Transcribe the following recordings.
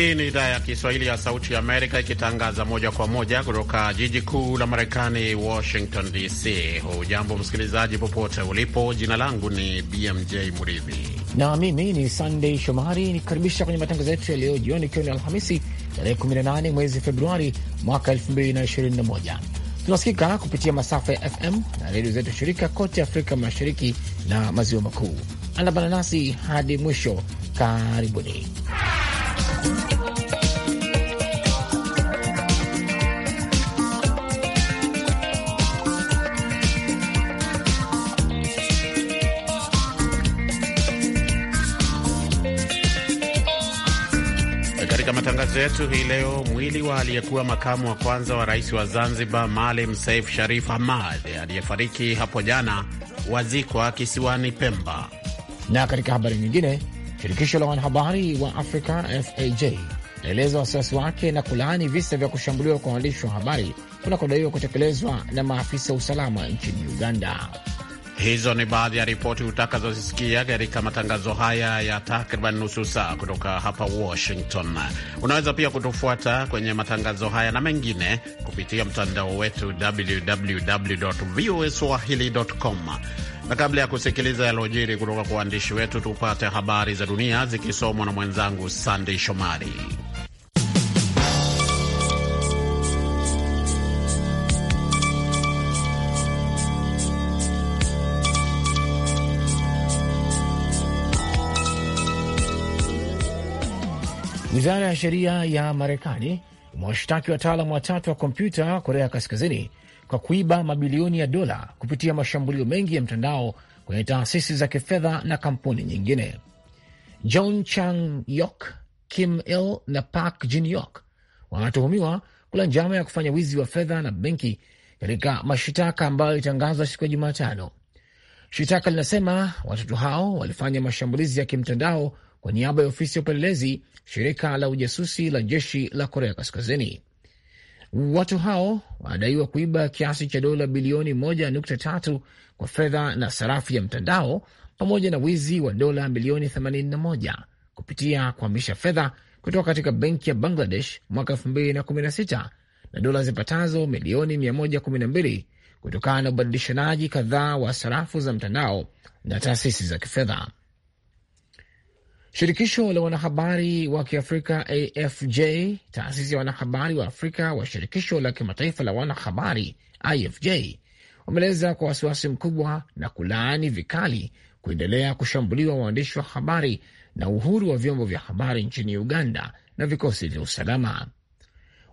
Hii ni idhaa ya Kiswahili ya Sauti ya Amerika ikitangaza moja kwa moja kutoka jiji kuu la Marekani, Washington DC. Hujambo msikilizaji, popote ulipo. Jina langu ni BMJ Mridhi na mimi ni Sandey Shomari nikikaribisha kwenye matangazo yetu ya leo jioni, ikiwa ni Alhamisi tarehe 18 mwezi Februari mwaka 2021. Tunasikika kupitia masafa ya FM na redio zetu shirika kote Afrika Mashariki na Maziwa Makuu. Andamana nasi hadi mwisho, karibuni. Matangazo yetu hii leo. Mwili wa aliyekuwa makamu wa kwanza wa rais wa Zanzibar Maalim saif Sharif Hamad aliyefariki hapo jana wazikwa kisiwani Pemba. Na katika habari nyingine Shirikisho la wanahabari wa Afrika FAJ naeleza wasiwasi wake na kulaani visa vya kushambuliwa kwa waandishi wa habari kunakodaiwa kutekelezwa na maafisa usalama nchini Uganda. Hizo ni baadhi ya ripoti utakazozisikia katika matangazo haya ya takriban nusu saa kutoka hapa Washington. Unaweza pia kutufuata kwenye matangazo haya na mengine kupitia mtandao wetu www voa swahili com na kabla ya kusikiliza yalojiri kutoka kwa waandishi wetu, tupate habari za dunia zikisomwa na mwenzangu Sandey Shomari. Wizara ya sheria ya Marekani imewashtaki wataalamu watatu wa kompyuta Korea Kaskazini kwa kuiba mabilioni ya dola kupitia mashambulio mengi ya mtandao kwenye taasisi za kifedha na kampuni nyingine. John Chang Yok, Kim Il na Park Jin Yok wanatuhumiwa kula njama ya kufanya wizi wa fedha na benki katika mashitaka ambayo ilitangazwa siku ya Jumatano. Shitaka linasema watoto hao walifanya mashambulizi ya kimtandao kwa niaba ya ofisi ya upelelezi, shirika la ujasusi la jeshi la Korea Kaskazini. Watu hao wanadaiwa kuiba kiasi cha dola bilioni 1.3 kwa fedha na sarafu ya mtandao pamoja na wizi wa dola milioni 81 kupitia kuhamisha fedha kutoka katika benki ya Bangladesh mwaka 2016 na dola zipatazo milioni 112 kutokana na ubadilishanaji kadhaa wa sarafu za mtandao na taasisi za kifedha. Shirikisho la wanahabari wa Kiafrika AFJ, taasisi ya wanahabari wa Afrika wa shirikisho la kimataifa la wanahabari IFJ, wameeleza kwa wasiwasi mkubwa na kulaani vikali kuendelea kushambuliwa waandishi wa habari na uhuru wa vyombo vya habari nchini Uganda na vikosi vya usalama.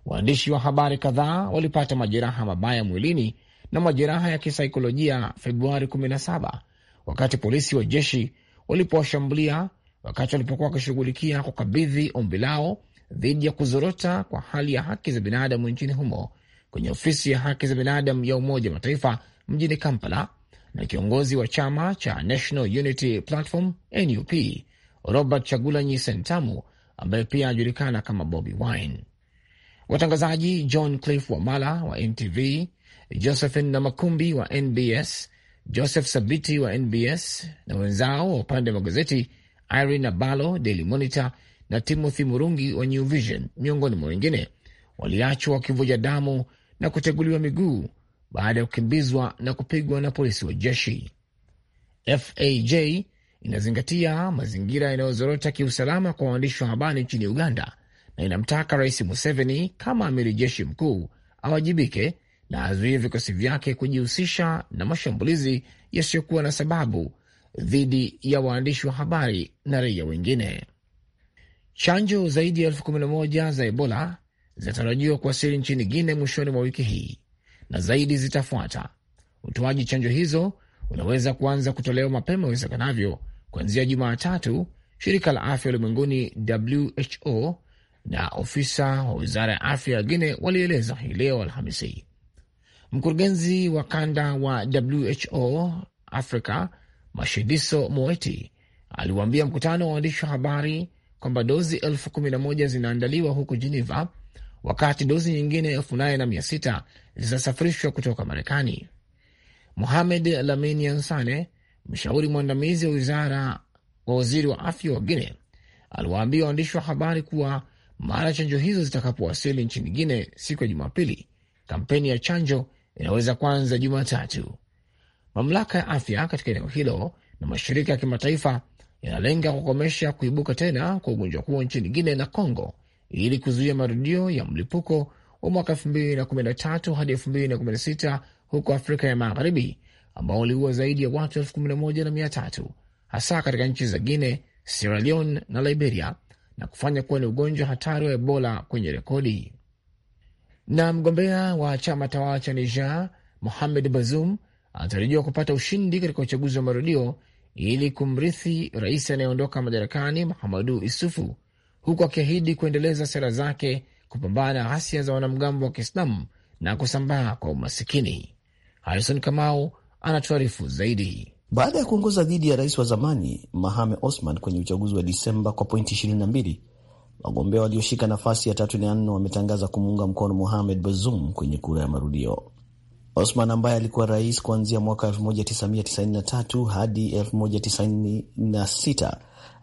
Waandishi wa habari kadhaa walipata majeraha mabaya mwilini na majeraha ya kisaikolojia Februari 17 wakati polisi wa jeshi walipowashambulia wakati walipokuwa wakishughulikia kukabidhi ombi lao dhidi ya kuzorota kwa hali ya haki za binadamu nchini humo kwenye ofisi ya haki za binadamu ya Umoja wa Mataifa mjini Kampala, na kiongozi wa chama cha National Unity Platform NUP Robert Chagulanyi Sentamu ambaye pia anajulikana kama Bobi Wine. Watangazaji John Cliff Wamala wa NTV, Josephine Namakumbi wa NBS, Joseph Sabiti wa NBS na wenzao wa upande wa magazeti Irene Abalo, Daily Monitor na Timothy Murungi wa New Vision, miongoni mwa wengine, waliachwa wakivuja damu na kuteguliwa miguu baada ya kukimbizwa na kupigwa na polisi wa jeshi. FAJ inazingatia mazingira yanayozorota kiusalama kwa waandishi wa habari nchini Uganda na inamtaka Rais Museveni kama amiri jeshi mkuu awajibike na azuie vikosi vyake kujihusisha na mashambulizi yasiyokuwa na sababu dhidi ya waandishi wa habari na raia wengine. Chanjo zaidi ya elfu kumi na moja za Ebola zinatarajiwa kuwasili nchini Guine mwishoni mwa wiki hii na zaidi zitafuata. Utoaji chanjo hizo unaweza kuanza kutolewa mapema iwezekanavyo kuanzia Jumatatu, shirika la afya ulimwenguni WHO na ofisa wa wizara ya afya ya Guine walieleza hii leo Alhamisi. Mkurugenzi wa kanda wa WHO africa Mashidiso Moeti aliwaambia mkutano wa waandishi wa habari kwamba dozi elfu kumi na moja zinaandaliwa huko Geneva, wakati dozi nyingine elfu nane na mia sita zitasafirishwa kutoka Marekani. Mohamed Lamini Ansane, mshauri mwandamizi wa wizara wa waziri wa afya wa Guine, aliwaambia waandishi wa habari kuwa mara chanjo hizo zitakapowasili nchini Guine siku ya Jumapili, kampeni ya chanjo inaweza kuanza Jumatatu. Mamlaka ya afya katika eneo hilo na mashirika ya kimataifa yanalenga kukomesha kuibuka tena kwa ugonjwa huo nchini Guine na Congo ili kuzuia marudio ya mlipuko wa mwaka 2013 hadi huko Afrika ya Magharibi, ambao uliua zaidi ya watu 1 hasa katika nchi za Guine, Sierra Leone na Liberia na kufanya kuwa ni ugonjwa hatari wa Ebola kwenye rekodi. Na mgombea wa chama tawala cha Niger Mohamed Bazoum anatarajiwa kupata ushindi katika uchaguzi wa marudio ili kumrithi rais anayeondoka madarakani Mahamadu Isufu, huku akiahidi kuendeleza sera zake kupambana na ghasia za wanamgambo wa Kiislamu na kusambaa kwa umasikini. Harison Kamau anatuarifu zaidi. Baada ya kuongoza dhidi ya rais wa zamani Mahame Osman kwenye uchaguzi wa Disemba kwa pointi 22, wagombea walioshika nafasi ya tatu na nne wametangaza kumuunga mkono Mohamed Bazoum kwenye kura ya marudio. Osman ambaye alikuwa rais kuanzia mwaka 1993 hadi 1996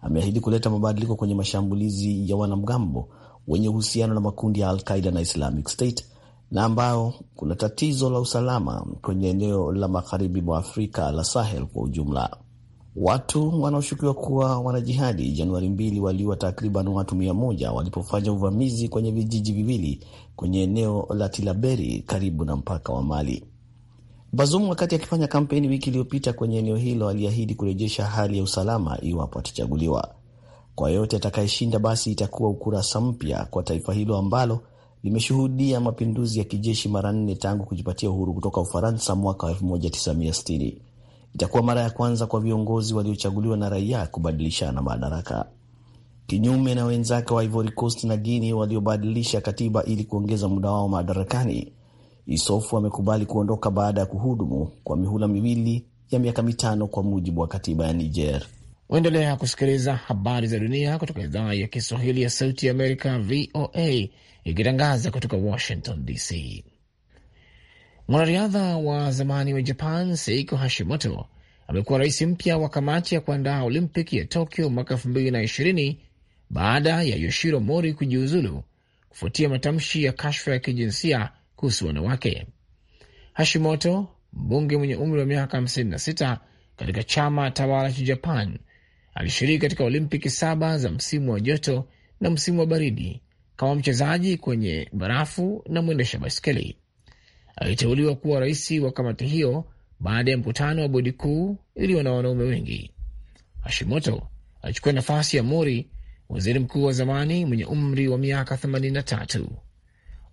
ameahidi kuleta mabadiliko kwenye mashambulizi ya wanamgambo wenye uhusiano na makundi ya Al-Qaida na Islamic State na ambao kuna tatizo la usalama kwenye eneo la magharibi mwa Afrika la Sahel kwa ujumla. Watu wanaoshukiwa kuwa wanajihadi Januari mbili waliua takriban watu mia moja walipofanya uvamizi kwenye vijiji viwili kwenye eneo la Tilaberi karibu na mpaka wa Mali. Bazoum wakati akifanya kampeni wiki iliyopita kwenye eneo hilo aliahidi kurejesha hali ya usalama iwapo atachaguliwa. Kwa yote atakayeshinda, basi itakuwa ukurasa mpya kwa taifa hilo ambalo limeshuhudia mapinduzi ya kijeshi mara nne tangu kujipatia uhuru kutoka Ufaransa mwaka 1960. Itakuwa mara ya kwanza kwa viongozi waliochaguliwa na raia kubadilishana madaraka, kinyume na wenzake wa Ivory Coast na Guini waliobadilisha katiba ili kuongeza muda wao madarakani. Isofu amekubali kuondoka baada ya kuhudumu kwa mihula miwili ya miaka mitano kwa mujibu wa katiba ya Niger. uendelea kusikiliza habari za dunia kutoka idhaa ya Kiswahili ya Sauti ya Amerika, VOA, ikitangaza kutoka Washington DC. Mwanariadha wa zamani wa Japan Seiko Hashimoto amekuwa rais mpya wa kamati ya kuandaa olimpik ya Tokyo mwaka elfu mbili na ishirini baada ya Yoshiro Mori kujiuzulu kufuatia matamshi ya kashfa ya kijinsia kuhusu wanawake. Hashimoto, mbunge mwenye umri wa miaka 56 katika chama tawala cha Japan, alishiriki katika Olimpiki saba za msimu wa joto na msimu wa baridi kama mchezaji kwenye barafu na mwendesha baiskeli aliteuliwa kuwa rais wa kamati hiyo baada ya mkutano wa bodi kuu iliyo na wanaume wengi. Hashimoto alichukua nafasi ya Mori, waziri mkuu wa zamani mwenye umri wa miaka 83.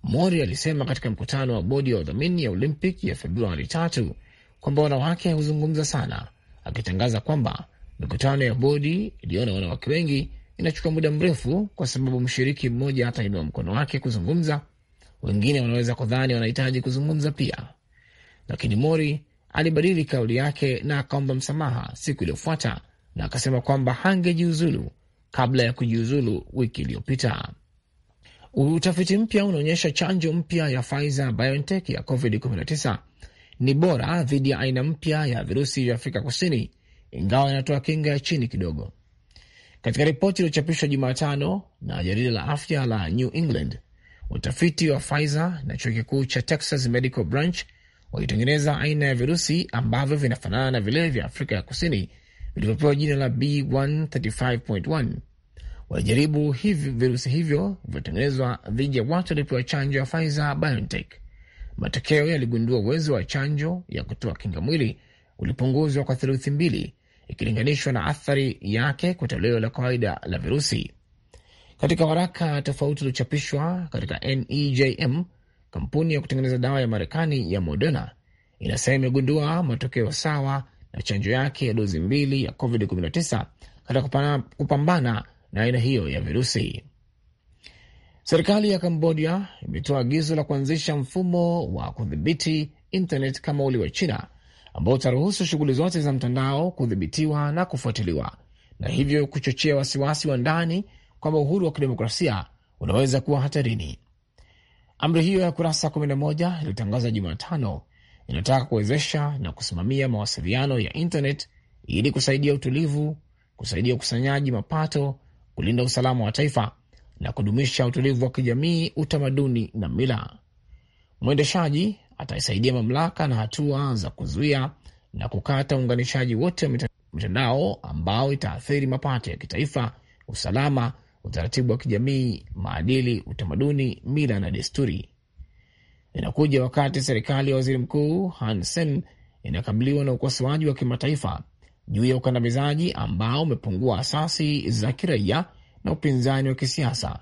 Mori alisema katika mkutano wa bodi ya udhamini ya Olympic ya Februari tatu kwamba wanawake huzungumza sana, akitangaza kwamba mikutano ya bodi iliyo na wanawake wengi inachukua muda mrefu kwa sababu mshiriki mmoja hatainua mkono wake kuzungumza wengine wanaweza kudhani wanahitaji kuzungumza pia, lakini Mori alibadili kauli yake na akaomba msamaha siku iliyofuata na akasema kwamba hangejiuzulu kabla ya kujiuzulu wiki iliyopita. Utafiti mpya unaonyesha chanjo mpya ya Pfizer BioNTech ya COVID-19 ni bora dhidi ya aina mpya ya virusi vya Afrika Kusini, ingawa inatoa kinga ya chini kidogo. Katika ripoti iliyochapishwa Jumatano na jarida la afya la New England, Utafiti wa Pfizer na chuo kikuu cha Texas Medical Branch walitengeneza aina ya virusi ambavyo vinafanana na vile vya Afrika ya Kusini vilivyopewa jina la B135.1. Walijaribu hivi virusi hivyo vilivyotengenezwa dhidi ya watu waliopewa chanjo ya Pfizer BioNTech. Matokeo yaligundua uwezo wa chanjo ya kutoa kinga mwili ulipunguzwa kwa theluthi mbili ikilinganishwa na athari yake kwa toleo la kawaida la virusi. Katika waraka tofauti uliochapishwa katika NEJM, kampuni ya kutengeneza dawa ya Marekani ya Moderna inasema imegundua matokeo sawa na chanjo yake ya dozi mbili ya COVID-19 katika kupambana na aina hiyo ya virusi. Serikali ya Kambodia imetoa agizo la kuanzisha mfumo wa kudhibiti internet kama ule wa China ambao utaruhusu shughuli zote za mtandao kudhibitiwa na kufuatiliwa na hivyo kuchochea wasiwasi wa ndani kwamba uhuru wa kidemokrasia unaweza kuwa hatarini. Amri hiyo ya kurasa 11 iliyotangazwa Jumatano, inataka kuwezesha na kusimamia mawasiliano ya intanet ili kusaidia utulivu, kusaidia ukusanyaji mapato, kulinda usalama wa taifa na kudumisha utulivu wa kijamii, utamaduni na mila. Mwendeshaji ataisaidia mamlaka na hatua za kuzuia na kukata uunganishaji wote wa mitandao ambao itaathiri mapato ya kitaifa, usalama utaratibu wa kijamii, maadili, utamaduni, mila na desturi. Inakuja wakati serikali ya waziri mkuu Hun Sen inakabiliwa na ukosoaji wa kimataifa juu ya ukandamizaji ambao umepungua asasi za kiraia na upinzani wa kisiasa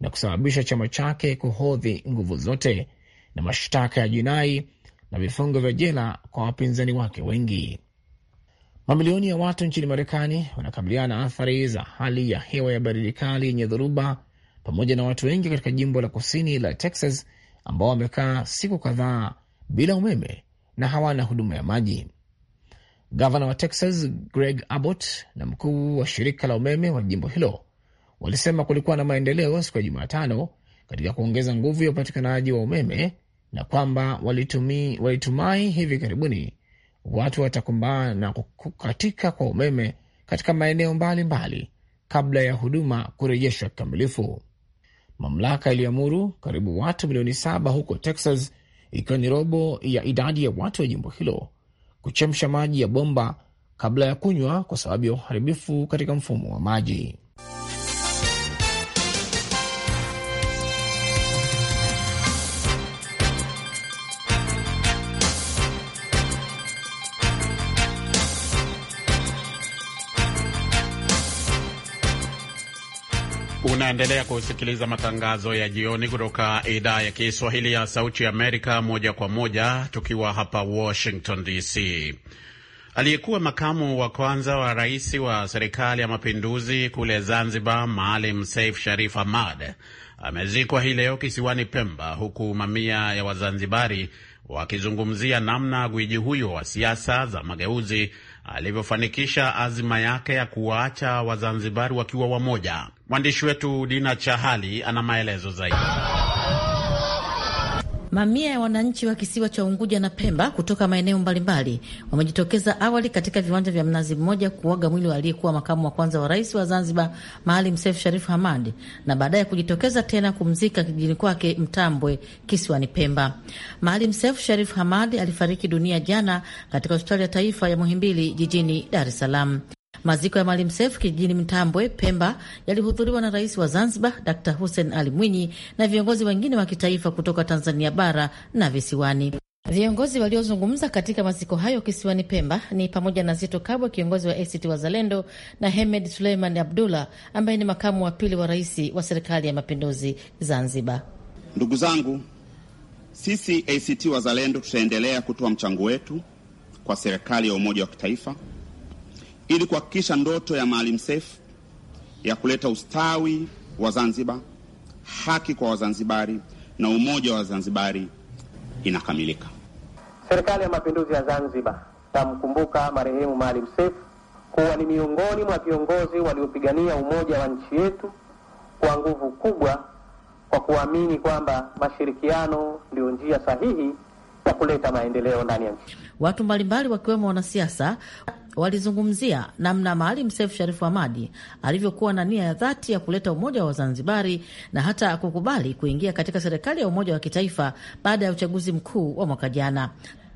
na kusababisha chama chake kuhodhi nguvu zote na mashtaka ya jinai na vifungo vya jela kwa wapinzani wake wengi. Mamilioni ya watu nchini Marekani wanakabiliana na athari za hali ya hewa ya baridi kali yenye dhoruba, pamoja na watu wengi katika jimbo la kusini la Texas ambao wamekaa siku kadhaa bila umeme na hawana huduma ya maji. Gavana wa Texas Greg Abbott na mkuu wa shirika la umeme wa jimbo hilo walisema kulikuwa na maendeleo siku ya Jumatano katika kuongeza nguvu ya upatikanaji wa umeme na kwamba walitumai hivi karibuni watu watakumbana na kukatika kwa umeme katika maeneo mbalimbali mbali, kabla ya huduma kurejeshwa kikamilifu. Mamlaka iliamuru karibu watu milioni saba huko Texas, ikiwa ni robo ya idadi ya watu wa jimbo hilo kuchemsha maji ya bomba kabla ya kunywa kwa sababu ya uharibifu katika mfumo wa maji. Unaendelea kusikiliza matangazo ya jioni kutoka idhaa ya Kiswahili ya Sauti ya Amerika moja kwa moja tukiwa hapa Washington DC. Aliyekuwa makamu wa kwanza wa rais wa serikali ya mapinduzi kule Zanzibar, Maalim Saif Sharif Ahmad amezikwa hii leo kisiwani Pemba, huku mamia ya Wazanzibari wakizungumzia namna gwiji huyo wa siasa za mageuzi alivyofanikisha azima yake ya kuwaacha Wazanzibari wakiwa wamoja. Mwandishi wetu Dina Chahali ana maelezo zaidi. Mamia ya wananchi wa kisiwa cha Unguja na Pemba kutoka maeneo mbalimbali wamejitokeza awali katika viwanja vya Mnazi Mmoja kuaga mwili wa aliyekuwa makamu wa kwanza wa rais wa Zanzibar Maalim Seif Sharif Hamad na baadaye kujitokeza tena kumzika kijijini kwake Mtambwe kisiwani Pemba. Maalim Seif Sharif Hamad alifariki dunia jana katika hospitali ya taifa ya Muhimbili jijini Dar es Salaam. Maziko ya Maalim Seif kijijini Mtambwe, Pemba, yalihudhuriwa na Rais wa Zanzibar Dkt. Hussein Ali Mwinyi na viongozi wengine wa kitaifa kutoka Tanzania bara na visiwani. Viongozi waliozungumza katika maziko hayo kisiwani Pemba ni pamoja na Zito Kabwe, kiongozi wa ACT Wazalendo, na Hemed Suleiman Abdullah ambaye ni makamu wa pili wa rais wa serikali ya mapinduzi Zanzibar. Ndugu zangu, sisi ACT Wazalendo tutaendelea kutoa mchango wetu kwa serikali ya umoja wa kitaifa ili kuhakikisha ndoto ya Maalim Seif ya kuleta ustawi wa Zanzibar, haki kwa Wazanzibari na umoja wa Zanzibari inakamilika. Serikali ya Mapinduzi ya Zanzibar tamkumbuka marehemu Maalim Seif kuwa ni miongoni mwa viongozi waliopigania umoja wa nchi yetu kwa nguvu kubwa, kwa kuamini kwamba mashirikiano ndiyo njia sahihi ya kuleta maendeleo ndani ya nchi. Watu mbalimbali wakiwemo wanasiasa walizungumzia namna Maalim Seif Sharif Hamad alivyokuwa na nia ya dhati ya kuleta umoja wa zanzibari na hata kukubali kuingia katika serikali ya umoja wa kitaifa baada ya uchaguzi mkuu wa mwaka jana.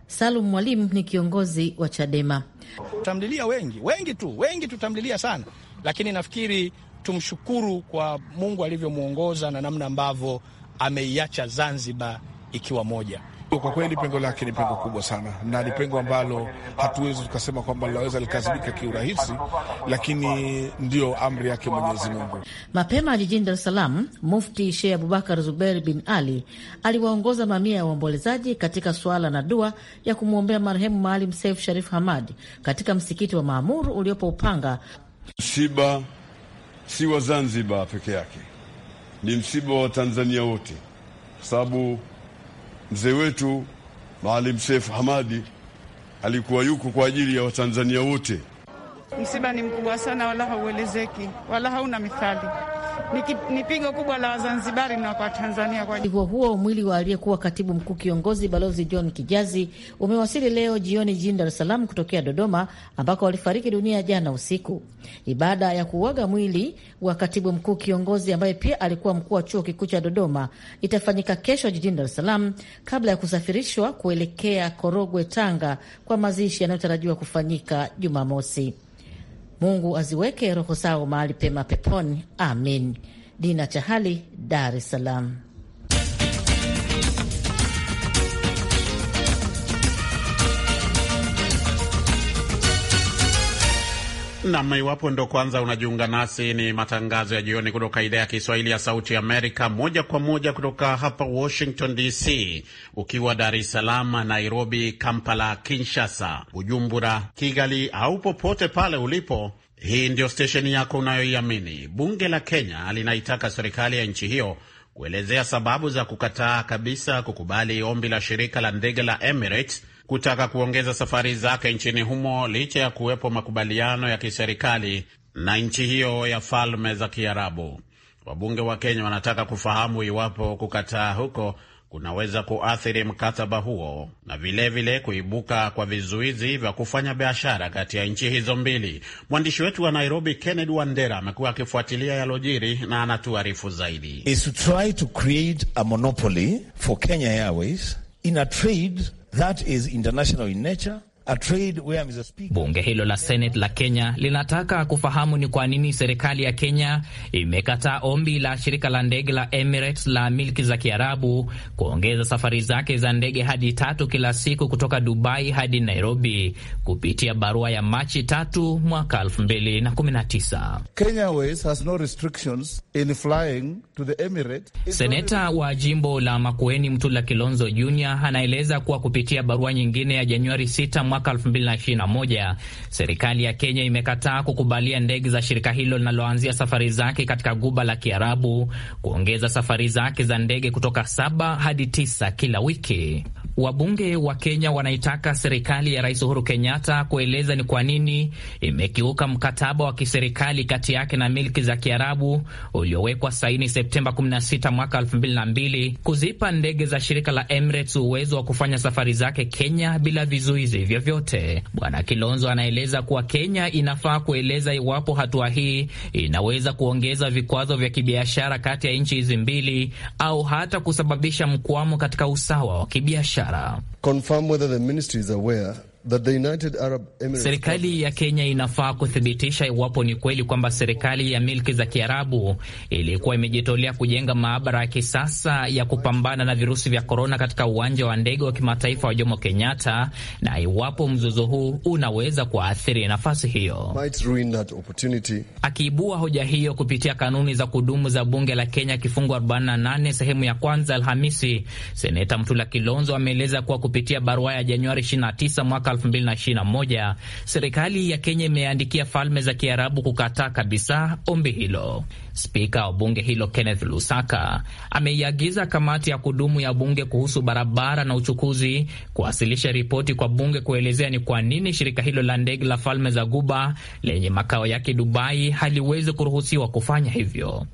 Salum Mwalimu ni kiongozi wa Chadema. Tutamlilia wengi wengi tu wengi, tutamlilia sana, lakini nafikiri tumshukuru kwa Mungu alivyomwongoza na namna ambavyo ameiacha Zanzibar ikiwa moja. Kwa kweli pengo lake ni pengo kubwa sana, na ni pengo ambalo hatuwezi tukasema kwamba linaweza likazibika kiurahisi, lakini ndiyo amri yake Mwenyezi Mungu. Mapema jijini Dar es Salaam, Mufti sheh Abubakar zuber bin Ali aliwaongoza mamia ya waombolezaji katika swala na dua ya kumwombea marehemu Maalim Seif Sharif Hamad katika msikiti wa Maamuru uliopo Upanga. Msiba si wa Zanzibar peke yake, ni msiba wa tanzania wote kwa sababu Mzee wetu Maalim Seif Hamadi alikuwa yuko kwa ajili ya Watanzania wote. Msiba ni mkubwa sana, wala hauelezeki, wala hauna mithali ni pigo kubwa la Wazanzibari na kwa Tanzania. Kwa hivyo huo mwili wa aliyekuwa katibu mkuu kiongozi Balozi John Kijazi umewasili leo jioni jijini Dar es Salaam kutokea Dodoma ambako walifariki dunia jana usiku. Ibada ya kuuaga mwili wa katibu mkuu kiongozi ambaye pia alikuwa mkuu wa chuo kikuu cha Dodoma itafanyika kesho jijini Dar es Salaam kabla ya kusafirishwa kuelekea Korogwe, Tanga kwa mazishi yanayotarajiwa kufanyika Jumamosi. Mungu aziweke roho zao mahali pema peponi, amin. Dina Chahali, Dar es Salaam. Nam, iwapo ndo kwanza unajiunga nasi, ni matangazo ya jioni kutoka idhaa ya Kiswahili ya Sauti Amerika, moja kwa moja kutoka hapa Washington DC. Ukiwa Dar es Salaam, Nairobi, Kampala, Kinshasa, Bujumbura, Kigali au popote pale ulipo, hii ndio stesheni yako unayoiamini. Bunge la Kenya linaitaka serikali ya nchi hiyo kuelezea sababu za kukataa kabisa kukubali ombi la shirika la ndege la Emirates kutaka kuongeza safari zake nchini humo licha ya kuwepo makubaliano ya kiserikali na nchi hiyo ya Falme za Kiarabu. Wabunge wa Kenya wanataka kufahamu iwapo kukataa huko kunaweza kuathiri mkataba huo na vilevile vile kuibuka kwa vizuizi vya kufanya biashara kati ya nchi hizo mbili. Mwandishi wetu wa Nairobi, Kennedy Wandera, amekuwa akifuatilia yalojiri na anatuarifu zaidi. Is to try to create a monopoly for Kenya Airways in a trade That is international in nature. Bunge hilo la Senate la Kenya linataka kufahamu ni kwa nini serikali ya Kenya imekataa ombi la shirika la ndege la Emirates la milki za Kiarabu kuongeza safari zake za ndege hadi tatu kila siku kutoka Dubai hadi Nairobi kupitia barua ya Machi tatu mwaka 2019. Kenya Airways has no restrictions In flying to the Emirates. Seneta wa jimbo la Makueni Mtula Kilonzo Jr anaeleza kuwa kupitia barua nyingine ya Januari 6 mwaka 2021 serikali ya Kenya imekataa kukubalia ndege za shirika hilo linaloanzia safari zake katika guba la Kiarabu kuongeza safari zake za ndege kutoka saba hadi tisa kila wiki. Wabunge wa Kenya wanaitaka serikali ya Rais Uhuru Kenyatta kueleza ni kwa nini imekiuka mkataba wa kiserikali kati yake na milki za Kiarabu uliowekwa saini Septemba 16 mwaka 2002 kuzipa ndege za shirika la Emirates uwezo wa kufanya safari zake Kenya bila vizuizi vyovyote. Bwana Kilonzo anaeleza kuwa Kenya inafaa kueleza iwapo hatua hii inaweza kuongeza vikwazo vya kibiashara kati ya nchi hizi mbili au hata kusababisha mkwamo katika usawa wa kibiashara. Serikali ya Kenya inafaa kuthibitisha iwapo ni kweli kwamba serikali ya milki za Kiarabu ilikuwa imejitolea kujenga maabara ya kisasa ya kupambana na virusi vya korona katika uwanja wa ndege wa kimataifa wa Jomo Kenyatta, na iwapo mzozo huu unaweza kuathiri nafasi hiyo. Akiibua hoja hiyo kupitia kanuni za kudumu za bunge la Kenya kifungu 48 sehemu ya kwanza Alhamisi, seneta Mtula Kilonzo ameeleza kuwa kupitia barua ya Januari 29 mwaka 2021 serikali ya Kenya imeandikia Falme za Kiarabu kukataa kabisa ombi hilo. Spika wa bunge hilo Kenneth Lusaka ameiagiza kamati ya kudumu ya bunge kuhusu barabara na uchukuzi kuwasilisha ripoti kwa bunge kuelezea ni kwa nini shirika hilo la ndege la Falme za Guba lenye makao yake Dubai haliwezi kuruhusiwa kufanya hivyo.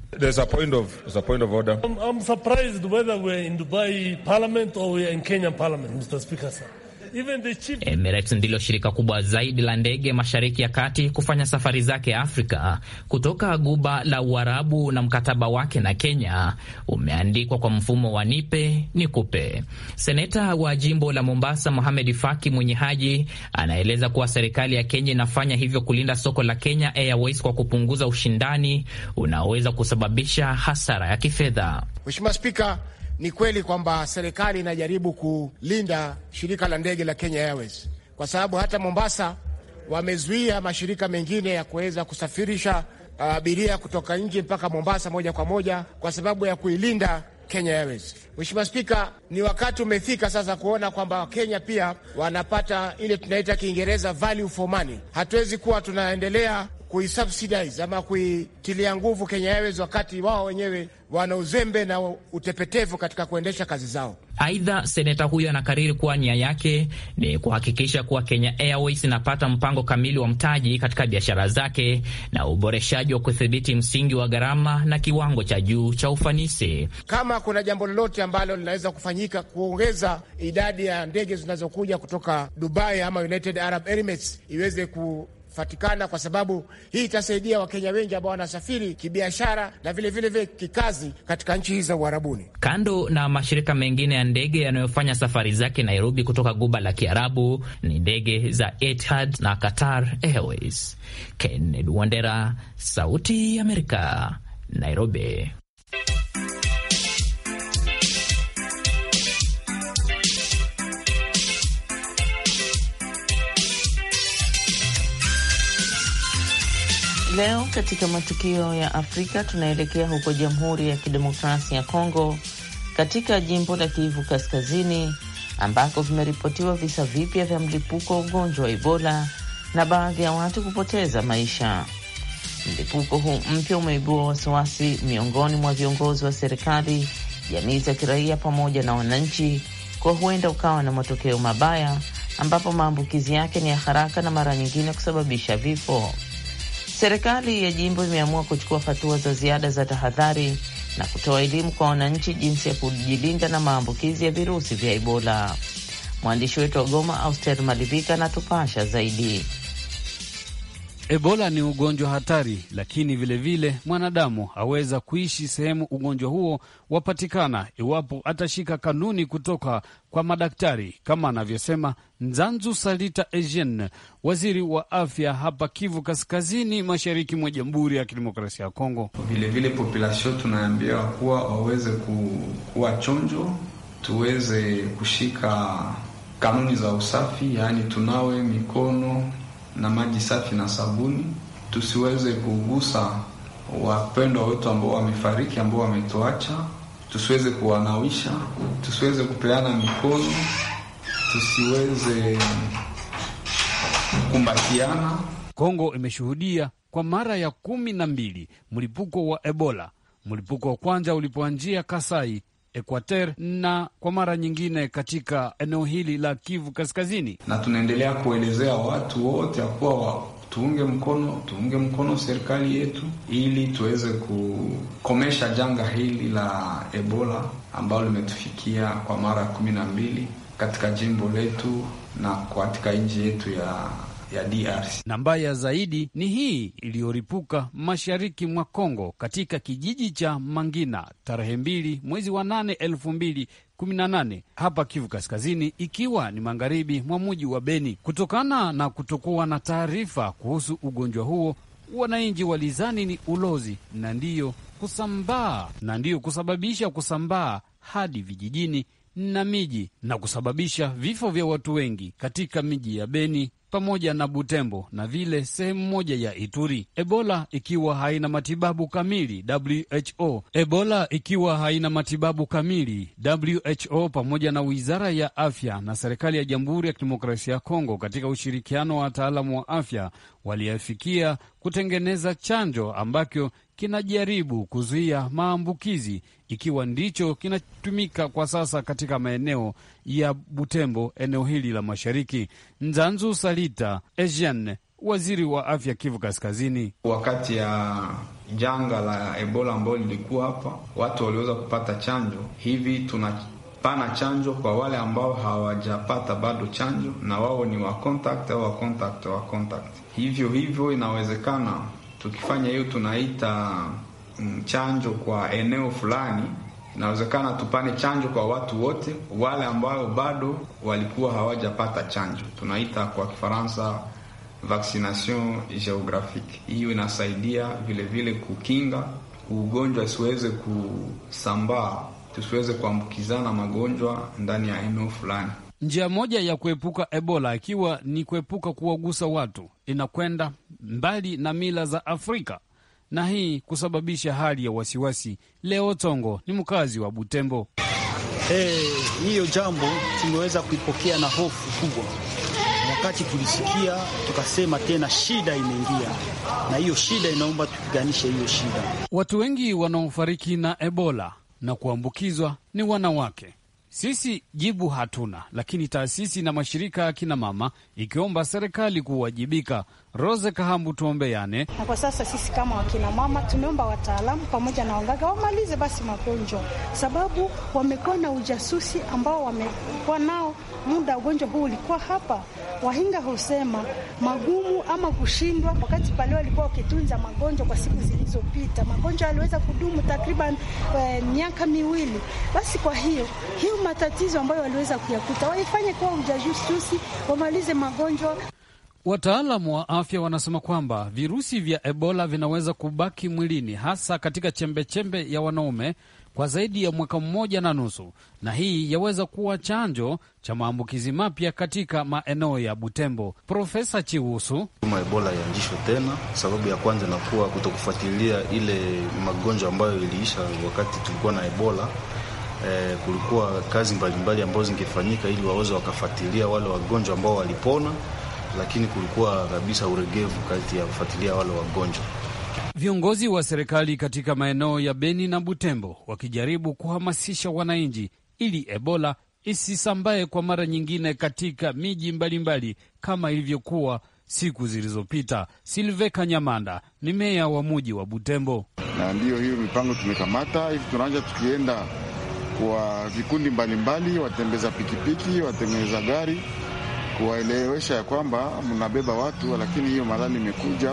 Eh, Emirates ndilo shirika kubwa zaidi la ndege Mashariki ya Kati kufanya safari zake Afrika kutoka Guba la Uarabu, na mkataba wake na Kenya umeandikwa kwa mfumo wa nipe nikupe. Seneta wa jimbo la Mombasa Mohamed Faki Mwenye Haji anaeleza kuwa serikali ya Kenya inafanya hivyo kulinda soko la Kenya Airways kwa kupunguza ushindani unaoweza kusababisha hasara ya kifedha. Mheshimiwa Spika, ni kweli kwamba serikali inajaribu kulinda shirika la ndege la Kenya Airways kwa sababu hata Mombasa wamezuia mashirika mengine ya kuweza kusafirisha ah, abiria kutoka nje mpaka Mombasa moja kwa moja kwa sababu ya kuilinda Kenya Airways. Mheshimiwa Spika, ni wakati umefika sasa kuona kwamba Wakenya pia wanapata ile tunaita Kiingereza value for money. Hatuwezi kuwa tunaendelea kuisubsidize ama kuitilia nguvu Kenya Airways wakati wao wenyewe wana uzembe na utepetevu katika kuendesha kazi zao. Aidha, seneta huyo anakariri kuwa nia yake ni kuhakikisha kuwa Kenya Airways inapata mpango kamili wa mtaji katika biashara zake na uboreshaji wa kudhibiti msingi wa gharama na kiwango cha juu cha ufanisi. Kama kuna jambo lolote ambalo linaweza kufanyika kuongeza idadi ya ndege zinazokuja kutoka Dubai ama United Arab Emirates iweze ku kufatikana, kwa sababu hii itasaidia Wakenya wengi ambao wanasafiri kibiashara na vilevile vile kikazi katika nchi hizi za Uharabuni. Kando na mashirika mengine ya ndege yanayofanya safari zake Nairobi kutoka Guba la Kiarabu ni ndege za Etihad na Qatar Airways. Kennedy Wandera, Sauti ya Amerika, Nairobi. Leo katika matukio ya Afrika tunaelekea huko Jamhuri ya Kidemokrasia ya Kongo, katika jimbo la Kivu Kaskazini ambako vimeripotiwa visa vipya vya mlipuko wa ugonjwa wa Ebola na baadhi ya watu kupoteza maisha. Mlipuko huu mpya umeibua wasiwasi miongoni mwa viongozi wa serikali, jamii za kiraia pamoja na wananchi, kwa huenda ukawa na matokeo mabaya ambapo maambukizi yake ni ya haraka na mara nyingine kusababisha vifo. Serikali ya jimbo imeamua kuchukua hatua za ziada za tahadhari na kutoa elimu kwa wananchi jinsi ya kujilinda na maambukizi ya virusi vya Ebola. Mwandishi wetu wa Goma, Auster Malivika, anatupasha zaidi. Ebola ni ugonjwa hatari, lakini vilevile vile, mwanadamu aweza kuishi sehemu ugonjwa huo wapatikana iwapo atashika kanuni kutoka kwa madaktari, kama anavyosema Nzanzu Salita Egen, waziri wa afya hapa Kivu Kaskazini, mashariki mwa Jamhuri ya Kidemokrasia ya Kongo. Vilevile populasio tunaambia kuwa waweze kuwa chonjo, tuweze kushika kanuni za usafi, yaani tunawe mikono na maji safi na sabuni, tusiweze kugusa wapendwa wetu ambao wamefariki, ambao wametuacha, tusiweze kuwanawisha, tusiweze kupeana mikono, tusiweze kukumbatiana. Kongo imeshuhudia kwa mara ya kumi na mbili mlipuko wa Ebola. Mlipuko wa kwanza ulipoanjia Kasai Equateur na kwa mara nyingine katika eneo hili la Kivu Kaskazini, na tunaendelea kuelezea watu wote ya kuwa tuunge mkono, tuunge mkono serikali yetu ili tuweze kukomesha janga hili la Ebola ambalo limetufikia kwa mara kumi na mbili katika jimbo letu na katika nchi yetu ya ya DRC. Na mbaya zaidi ni hii iliyoripuka mashariki mwa Kongo katika kijiji cha Mangina tarehe mbili mwezi wa nane elfu mbili nane hapa Kivu Kaskazini, ikiwa ni magharibi mwa muji wa Beni. Kutokana na kutokuwa na taarifa kuhusu ugonjwa huo, wananchi walizani ni ulozi na ndiyo kusambaa na ndiyo kusababisha kusambaa hadi vijijini na miji na kusababisha vifo vya watu wengi katika miji ya Beni pamoja na Butembo na vile sehemu moja ya Ituri. Ebola ikiwa haina matibabu kamili WHO, Ebola ikiwa haina matibabu kamili WHO pamoja na Wizara ya Afya na serikali ya Jamhuri ya Kidemokrasia ya Kongo katika ushirikiano wa wataalamu wa afya waliafikia kutengeneza chanjo ambacho kinajaribu kuzuia maambukizi, ikiwa ndicho kinatumika kwa sasa katika maeneo ya Butembo, eneo hili la mashariki. Nzanzu Salita Asian, waziri wa afya Kivu Kaskazini. Wakati ya janga la Ebola ambayo lilikuwa hapa, watu waliweza kupata chanjo. Hivi tunapana chanjo kwa wale ambao hawajapata bado chanjo, na wao ni wa contact au wa contact wa contact. Hivyo hivyo inawezekana tukifanya hiyo tunaita mm, chanjo kwa eneo fulani, inawezekana tupane chanjo kwa watu wote wale ambao bado walikuwa hawajapata chanjo, tunaita kwa Kifaransa vaccination geographique. Hiyo inasaidia vilevile vile kukinga ugonjwa siweze kusambaa, tusiweze kuambukizana magonjwa ndani ya eneo fulani. Njia moja ya kuepuka Ebola ikiwa ni kuepuka kuwagusa watu, inakwenda mbali na mila za Afrika na hii kusababisha hali ya wasiwasi. Leo Tongo ni mkazi wa Butembo. Eh, hiyo jambo tumeweza kuipokea na hofu kubwa. Wakati tulisikia tukasema tena, shida imeingia, na hiyo shida inaomba tupiganishe hiyo shida. Watu wengi wanaofariki na Ebola na kuambukizwa ni wanawake sisi jibu hatuna, lakini taasisi na mashirika ya kina mama ikiomba serikali kuwajibika Rose Kahambu tuombeane. Na kwa sasa sisi kama wakinamama tumeomba wataalamu pamoja na waganga wamalize basi magonjwa, sababu wamekuwa na ujasusi ambao wamekuwa nao muda ugonjwa huu ulikuwa hapa. Wahinga husema magumu ama kushindwa, wakati pale walikuwa wakitunza magonjwa kwa siku zilizopita, magonjwa yaliweza kudumu takriban e, miaka miwili. Basi kwa hiyo hiyo matatizo ambayo waliweza kuyakuta waifanye kuwa ujasusi, wamalize magonjwa Wataalamu wa afya wanasema kwamba virusi vya Ebola vinaweza kubaki mwilini hasa katika chembechembe -chembe ya wanaume kwa zaidi ya mwaka mmoja na nusu, na hii yaweza kuwa chanjo cha maambukizi mapya katika maeneo ya Butembo. Profesa Chiusu: uma Ebola ianzishwe tena. Sababu ya kwanza inakuwa kutokufuatilia ile magonjwa ambayo iliisha wakati tulikuwa na Ebola. E, kulikuwa kazi mbalimbali ambazo zingefanyika ili waweze wakafuatilia wale wagonjwa ambao walipona lakini kulikuwa kabisa uregevu kati ya kufuatilia wale wagonjwa. Viongozi wa serikali katika maeneo ya Beni na Butembo wakijaribu kuhamasisha wananchi ili Ebola isisambae kwa mara nyingine katika miji mbalimbali kama ilivyokuwa siku zilizopita. Silve Kanyamanda ni meya wa muji wa Butembo. Na ndiyo hiyo mipango tumekamata hivi, tunaanza tukienda kwa vikundi mbalimbali, watembeza pikipiki, watengeneza gari kuwaelewesha ya kwamba mnabeba watu, lakini hiyo malali imekuja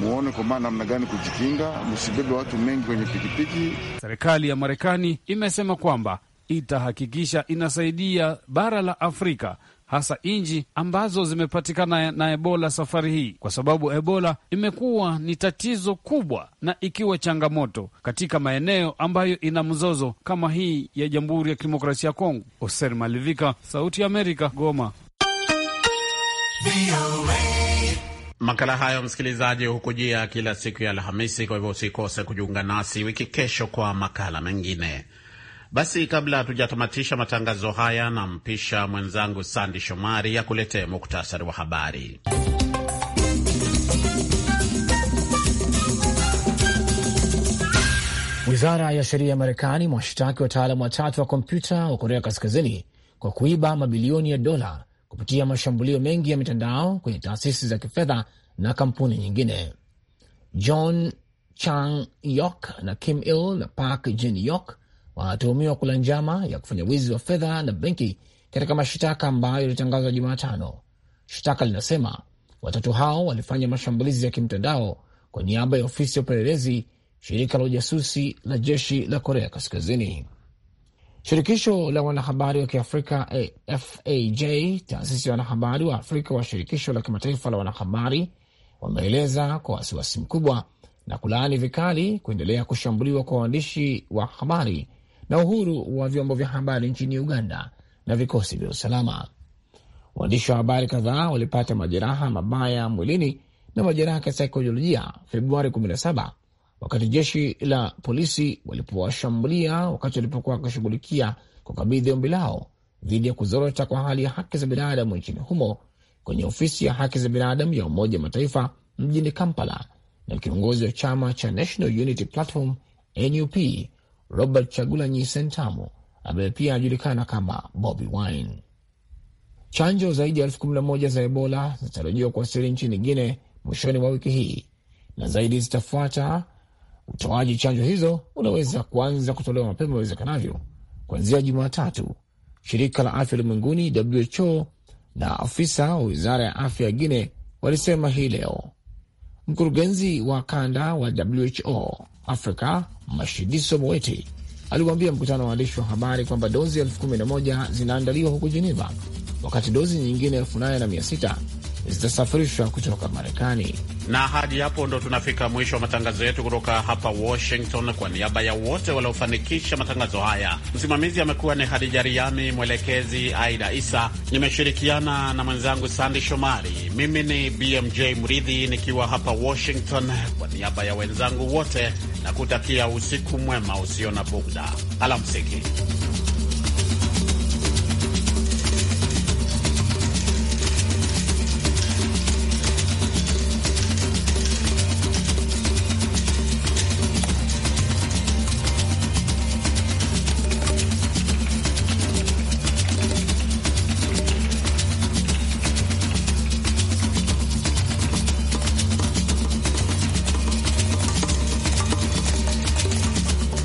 muone kwa maana namna gani kujikinga, msibebe watu mengi kwenye pikipiki. Serikali ya Marekani imesema kwamba itahakikisha inasaidia bara la Afrika hasa nchi ambazo zimepatikana na Ebola safari hii, kwa sababu Ebola imekuwa ni tatizo kubwa na ikiwa changamoto katika maeneo ambayo ina mzozo kama hii ya Jamhuri ya Kidemokrasia ya Kongo. Oser Malivika, Sauti ya Amerika, Goma. Makala hayo msikilizaji, hukujia kila siku ya Alhamisi, kwa hivyo usikose kujiunga nasi wiki kesho kwa makala mengine. Basi, kabla hatujatamatisha matangazo haya, nampisha mwenzangu Sandi Shomari akuletee muktasari wa habari. Wizara ya sheria ya Marekani mwashtaki wataalamu watatu wa kompyuta wa Korea Kaskazini kwa kuiba mabilioni ya dola kupitia mashambulio mengi ya mitandao kwenye taasisi za kifedha na kampuni nyingine. John Chang Yok na Kim Il na Park Jin Yok wanatuhumiwa kula njama ya kufanya wizi wa fedha na benki katika mashtaka ambayo yalitangazwa Jumatano. shtaka linasema watatu hao walifanya mashambulizi ya kimtandao kwa niaba ya ofisi ya upelelezi, shirika la ujasusi la jeshi la Korea Kaskazini. Shirikisho la wanahabari wa Kiafrika eh, FAJ, taasisi ya wanahabari wa Afrika wa shirikisho la kimataifa la wanahabari, wameeleza kwa wasiwasi mkubwa na kulaani vikali kuendelea kushambuliwa kwa waandishi wa habari na uhuru wa vyombo vya habari nchini Uganda na vikosi vya usalama. Waandishi wa habari kadhaa walipata majeraha mabaya mwilini na majeraha ya kisaikolojia Februari 17 wakati jeshi la polisi walipowashambulia wakati walipokuwa wakishughulikia kukabidhi ombi lao dhidi ya kuzorota kwa hali ya haki za binadamu nchini humo kwenye ofisi ya haki za binadamu ya Umoja Mataifa mjini Kampala na kiongozi wa chama cha National Unity Platform NUP Robert Chagulanyi Sentamu ambaye pia anajulikana kama Bobi Wine. Chanjo zaidi ya elfu kumi na moja za Ebola zinatarajiwa kuwasili nchini Guine mwishoni mwa wiki hii na zaidi zitafuata Utoaji chanjo hizo unaweza kuanza kutolewa mapema iwezekanavyo kuanzia Jumatatu. Shirika la afya ulimwenguni WHO na afisa wa wizara ya afya ya Guine walisema hii leo. Mkurugenzi wa kanda wa WHO africa Mashidiso Moeti aliwaambia mkutano wa waandishi wa habari kwamba dozi elfu kumi na moja zinaandaliwa huko Jeneva, wakati dozi nyingine elfu nane na mia sita zitasafirishwa kutoka Marekani. Na hadi hapo ndo tunafika mwisho wa matangazo yetu kutoka hapa Washington. Kwa niaba ya wote waliofanikisha matangazo haya, msimamizi amekuwa ni Hadija Riami, mwelekezi Aida Isa, nimeshirikiana na mwenzangu Sandi Shomari. Mimi ni BMJ Mridhi nikiwa hapa Washington, kwa niaba ya wenzangu wote na kutakia usiku mwema usio na bugda. Alamsiki.